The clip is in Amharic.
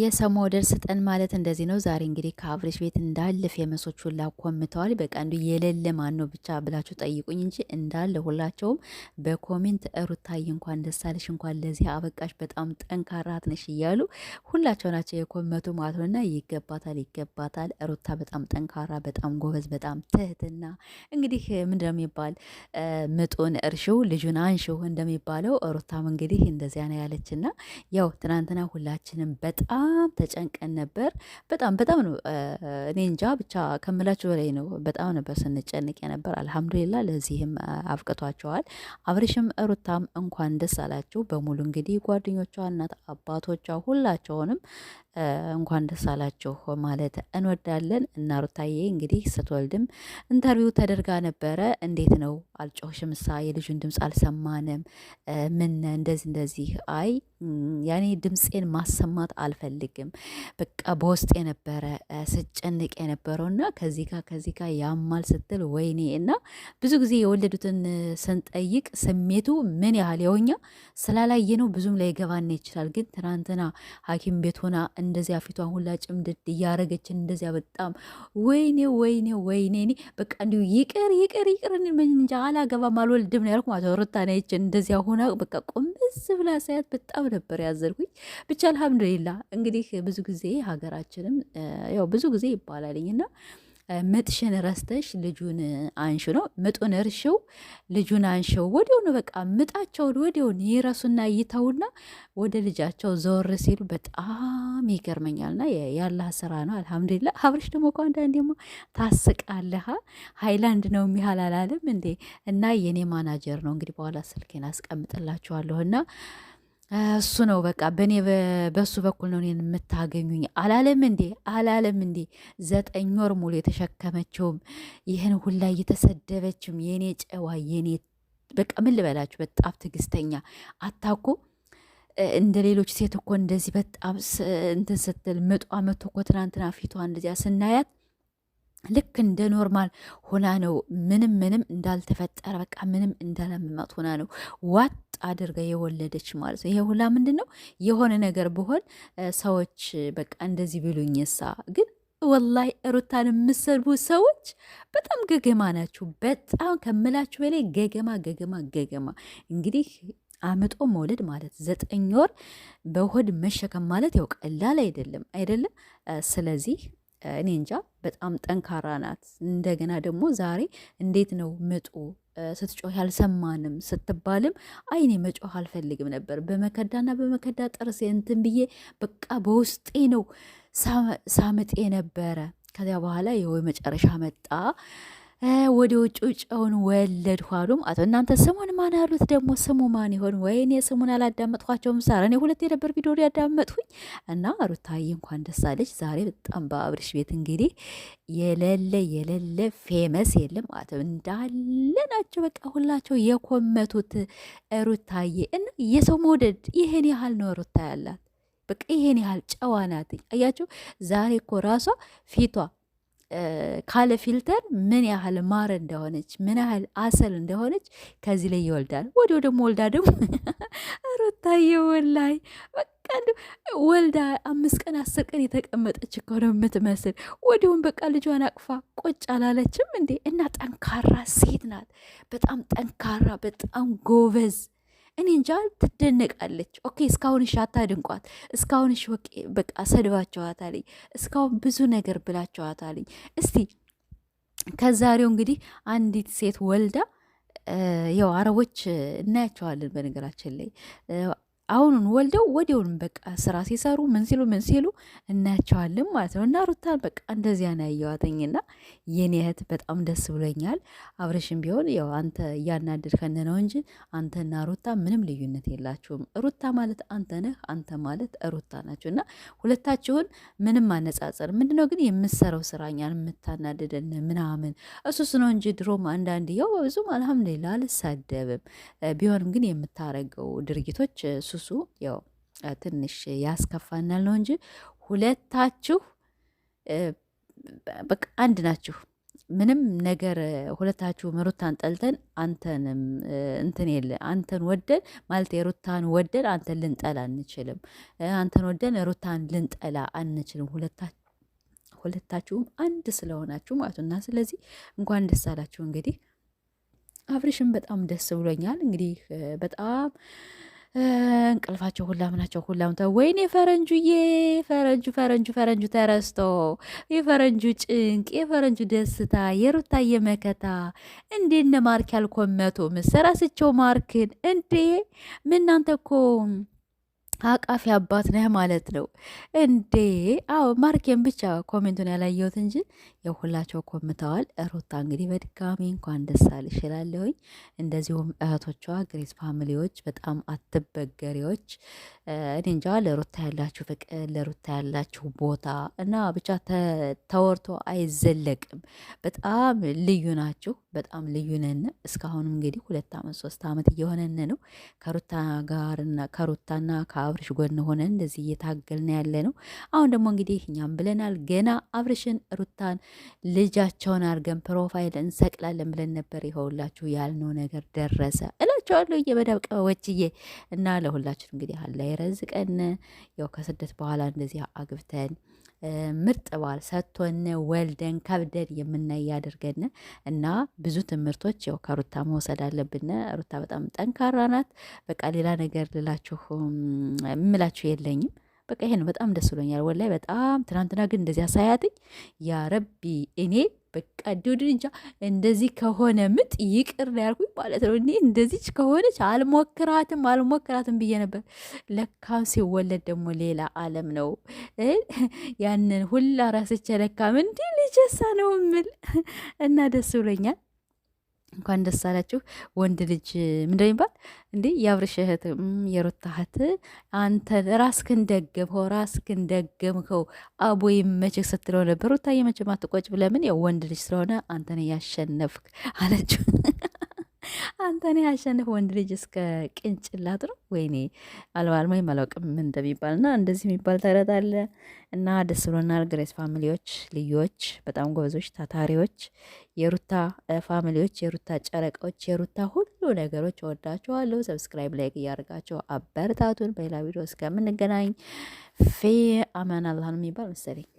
የሰማው ደርስ ጠን ማለት እንደዚህ ነው። ዛሬ እንግዲህ ከአብርሽ ቤት እንዳለ ፌመሶች ሁላ ኮምተዋል። በቃ እንዱ የሌለ ማን ነው ብቻ ብላችሁ ጠይቁኝ እንጂ እንዳለ ሁላቸውም በኮሜንት ሩታዬ እንኳን ደሳለሽ፣ እንኳን ለዚህ አበቃሽ፣ በጣም ጠንካራ አትነሽ እያሉ ሁላቸው ናቸው የኮመቱ ማለት ነው። እና ይገባታል፣ ይገባታል። ሩታ በጣም ጠንካራ፣ በጣም ጎበዝ፣ በጣም ትህትና። እንግዲህ ምንድን ነው የሚባል ምጡን ልጁን አንሽው እንደሚባለው ሩታም እንግዲህ እንደዚያ ነው ያለችና ያው ትናንትና ሁላችንም በጣም በጣም ተጨንቀን ነበር። በጣም በጣም ነው እኔ እንጃ ብቻ ከምላችሁ በላይ ነው። በጣም ነበር ስንጨንቅ የነበር። አልሐምዱሊላ ለዚህም አብቅቷቸዋል። አብሬሽም ሩታም እንኳን ደስ አላችሁ በሙሉ እንግዲህ ጓደኞቿ፣ እናት አባቶቿ ሁላቸውንም እንኳን ደስ አላችሁ ማለት እንወዳለን። እና ሩታዬ እንግዲህ ስትወልድም ኢንተርቪው ተደርጋ ነበረ። እንዴት ነው አልጮሽም? ሳ የልጁን ድምፅ አልሰማንም? ምን እንደዚህ እንደዚህ አይ ያኔ ድምፄን ማሰማት አልፈልግም። በቃ በውስጥ የነበረ ስጨንቅ የነበረው እና ከዚህ ጋር ከዚህ ጋር ያማል ስትል ወይኔ እና ብዙ ጊዜ የወለዱትን ስንጠይቅ ስሜቱ ምን ያህል የውኛ ስላላየ ነው ብዙም ላይገባን ይችላል። ግን ትናንትና ሐኪም ቤት ሆና እንደዚያ ፊቷን ሁላ ጭምድድ እያረገች እንደዚያ በጣም ወይኔ ወይኔ ወይኔ ኔ በቃ እንዲሁ ይቅር ይቅር ይቅር እንጃ አላገባም አልወልድም ነው ያልኩ ማለት ሩታ ነች እንደዚያ ሆና በቃ ቆምስ ብላ ሳያት በጣም ነበር ያዘርኩኝ። ብቻ አልሐምዱሊላ እንግዲህ ብዙ ጊዜ ሀገራችንም ያው ብዙ ጊዜ ይባላልኝና ምጥሽን ረስተሽ ልጁን አንሹ ነው። ምጡን እርሽው፣ ልጁን አንሽው። ወዲያውኑ በቃ ምጣቸውን ወዲያውን ይረሱና ይተውና ወደ ልጃቸው ዘወር ሲሉ በጣም ይገርመኛልና ያለ ስራ ነው። አልሐምዱሊላ። አብርሽ ደግሞ እኮ አንዳንዴማ ታስቃለህ። ሀይላንድ ነው የሚሃል አላለም እንዴ? እና የኔ ማናጀር ነው እንግዲህ በኋላ ስልኬን አስቀምጥላችኋለሁና እሱ ነው በቃ በእኔ በእሱ በኩል ነው እኔን የምታገኙኝ። አላለም እንዴ አላለም እንዴ? ዘጠኝ ወር ሙሉ የተሸከመችውም ይህን ሁላ እየተሰደበችም የእኔ ጨዋ የኔ በቃ ምን ልበላችሁ፣ በጣም ትዕግስተኛ አታኩ እንደ ሌሎች ሴት እኮ እንደዚህ በጣም እንትን ስትል ምጧ መቶ እኮ ትናንትና ፊቷ እንደዚያ ስናያት ልክ እንደ ኖርማል ሆና ነው። ምንም ምንም እንዳልተፈጠረ በቃ ምንም እንዳላመማት ሆና ነው ዋጥ አድርጋ የወለደች ማለት ነው። ይሄ ሁላ ምንድን ነው? የሆነ ነገር ብሆን ሰዎች በቃ እንደዚህ ብሉኝ ሳ ግን ወላይ ሩታን የምሰድቡ ሰዎች በጣም ገገማ ናችሁ። በጣም ከምላችሁ በላይ ገገማ ገገማ ገገማ። እንግዲህ አምጦ መውለድ ማለት ዘጠኝ ወር በሆድ መሸከም ማለት ያው ቀላል አይደለም አይደለም። ስለዚህ እኔ እንጃ በጣም ጠንካራ ናት። እንደገና ደግሞ ዛሬ እንዴት ነው ምጡ ስትጮህ ያልሰማንም ስትባልም አይኔ መጮህ አልፈልግም ነበር። በመከዳና በመከዳ ጥርሴ እንትን ብዬ በቃ በውስጤ ነው ሳምጤ ነበረ። ከዚያ በኋላ የወይ መጨረሻ መጣ። ወደ ውጭ ጨውን ወለድሁ አቶ እናንተ ስሙን ማን ያሉት ደግሞ ስሙ ማን ይሆን? ወይኔ ስሙን አላዳመጥኋቸው ሳራ እኔ ሁለት የነበር ቪዲዮ ያዳመጥሁኝ እና ሩታዬ እንኳን ደስ ዛሬ በጣም በአብርሽ ቤት እንግዲህ የሌለ የሌለ ፌመስ የለም ማለት እንዳለ ናቸው። በቃ ሁላቸው የኮመቱት ሩታዬ እና የሰው መውደድ ይሄን ያህል ነው ሩታ ያላት በቃ ይሄን ያህል ጨዋ ናት። አያችሁ ዛሬ እኮ ራሷ ፊቷ ካለ ፊልተር ምን ያህል ማር እንደሆነች ምን ያህል አሰል እንደሆነች ከዚህ ላይ ይወልዳል። ወዲያው ደግሞ ወልዳ ደግሞ ሩታዬ ወላይ በቃ ወልዳ አምስት ቀን አስር ቀን የተቀመጠች እኮ ነው የምትመስል። ወዲሁም በቃ ልጇን አቅፋ ቆጭ አላለችም እንዴ! እና ጠንካራ ሴት ናት። በጣም ጠንካራ፣ በጣም ጎበዝ እኔ እንጃ ትደነቃለች። ኦኬ እስካሁን እሺ አታድንቋት፣ እስካሁን እሺ በቃ ሰድባችኋታለኝ፣ እስካሁን ብዙ ነገር ብላችኋታለኝ። እስቲ ከዛሬው እንግዲህ አንዲት ሴት ወልዳ ያው አረቦች እናያቸዋለን። በነገራችን ላይ አሁኑን ወልደው ወዲያውኑ በቃ ስራ ሲሰሩ ምን ሲሉ ምን ሲሉ እናያቸዋለን ማለት ነው። እና ሩታን በቃ እንደዚያ ነው ያየዋተኝና የኔ እህት በጣም ደስ ብሎኛል። አብረሽም ቢሆን ያው አንተ እያናደድከን ነው እንጂ አንተና ሩታ ምንም ልዩነት የላችሁም። ሩታ ማለት አንተ ነህ፣ አንተ ማለት ሩታ ናችሁ እና ሁለታችሁን ምንም አነጻጸር ምንድነው ግን የምሰራው ስራኛን የምታናደደን ምናምን እሱስ ነው እንጂ ድሮም አንዳንድ ያው በብዙም አልሐምዱሊላ አልሳደብም ቢሆንም ግን የምታረገው ድርጊቶች ሱሱ ያው ትንሽ ያስከፋናል ነው እንጂ ሁለታችሁ በቃ አንድ ናችሁ። ምንም ነገር ሁለታችሁ ሩታን ጠልተን አንተንም እንትን የለ አንተን ወደን ማለት የሩታን ወደን አንተን ልንጠላ አንችልም። አንተን ወደን ሩታን ልንጠላ አንችልም። ሁለታችሁም አንድ ስለሆናችሁ ማለት እና ስለዚህ እንኳን ደስ አላችሁ። እንግዲህ አብርሽም በጣም ደስ ብሎኛል። እንግዲህ በጣም እንቅልፋቸው ሁላ ምናቸው ሁላም ወይኔ ፈረንጁዬ ፈረንጁ ፈረንጁ ፈረንጁ ተረስቶ የፈረንጁ ጭንቅ የፈረንጁ ደስታ የሩታዬ መከታ እንዴነ ማርክ ያልኮመቱም ስረስቸው ማርክን እንዴ ምናንተ እኮ አቃፊ አባት ነህ ማለት ነው እንዴ? አዎ ማርኬን ብቻ ኮሜንቱን ያላየሁት እንጂ የሁላቸው ኮምተዋል። ሩታ እንግዲህ በድጋሚ እንኳን ደስ አለሽ እላለሁኝ። እንደዚሁም እህቶቿ ግሬስ ፋሚሊዎች፣ በጣም አትበገሪዎች። እኔ እንጃ ለሩታ ያላችሁ ፍቅር፣ ለሩታ ያላችሁ ቦታ እና ብቻ ተወርቶ አይዘለቅም። በጣም ልዩ ናችሁ። በጣም ልዩ ነን። እስካሁንም እንግዲህ ሁለት አመት ሶስት አመት እየሆነን ነው ከሩታ ጋር ከሩታና ከአብርሽ ጎን ሆነን እንደዚህ እየታገልን ያለ ነው። አሁን ደግሞ እንግዲህ እኛም ብለናል ገና አብርሽን ሩታን ልጃቸውን አድርገን ፕሮፋይል እንሰቅላለን ብለን ነበር። ይኸውላችሁ ያልነው ነገር ደረሰ እላቸዋለሁ። እየመዳብ ቀበወችዬ እና ለሁላችሁ እንግዲህ አላ ይረዝቀን። ያው ከስደት በኋላ እንደዚህ አግብተን ምርጥ ባል ሰጥቶን ወልደን ከብደን የምናይ ያደርገን እና ብዙ ትምህርቶች ያው ከሩታ መውሰድ አለብን። ሩታ በጣም ጠንካራ ናት። በቃ ሌላ ነገር ልላችሁ የምላችሁ የለኝም። በቃ ይሄን በጣም ደስ ብሎኛል ወላሂ በጣም ትናንትና ግን እንደዚያ ሳያትኝ ያ ረቢ እኔ በቃ ዱድንጃ እንደዚህ ከሆነ ምጥ ይቅር ያልኩኝ ማለት ነው። እኔ እንደዚች ከሆነች አልሞክራትም አልሞክራትም ብዬ ነበር። ለካም ሲወለድ ደግሞ ሌላ አለም ነው። ያንን ሁላ ራስቸ ለካም እንዲህ ልጀሳ ነው ምል እና ደስ ብሎኛል። እንኳን ደስ አላችሁ። ወንድ ልጅ ምንድን ይባል እንዲህ የአብርሽ እህት የሩታ እህት አንተ ራስክን ደገምከው፣ ራስክን ደገምከው አቦ ይመችህ ስትለው ነበር። ሩታ የመችህ ማትቆጭ ብለምን? ያው ወንድ ልጅ ስለሆነ አንተን ያሸነፍክ አለችው። አንተን ያሸንፍ ወንድ ልጅ እስከ ቅንጭላት ነው። ወይኔ አልባልማይም አላውቅም ምን እንደሚባል እና እንደዚህ የሚባል ተረት አለ እና ደስ ብሎናል። ግሬስ ፋሚሊዎች ልዮች በጣም ጎበዞች፣ ታታሪዎች፣ የሩታ ፋሚሊዎች፣ የሩታ ጨረቃዎች፣ የሩታ ሁሉ ነገሮች ወዳችኋለሁ። ሰብስክራይብ፣ ላይክ እያደርጋቸው አበረታቱን። በሌላ ቪዲዮ እስከምንገናኝ ፌ አመን አላህን የሚባል መሰለኝ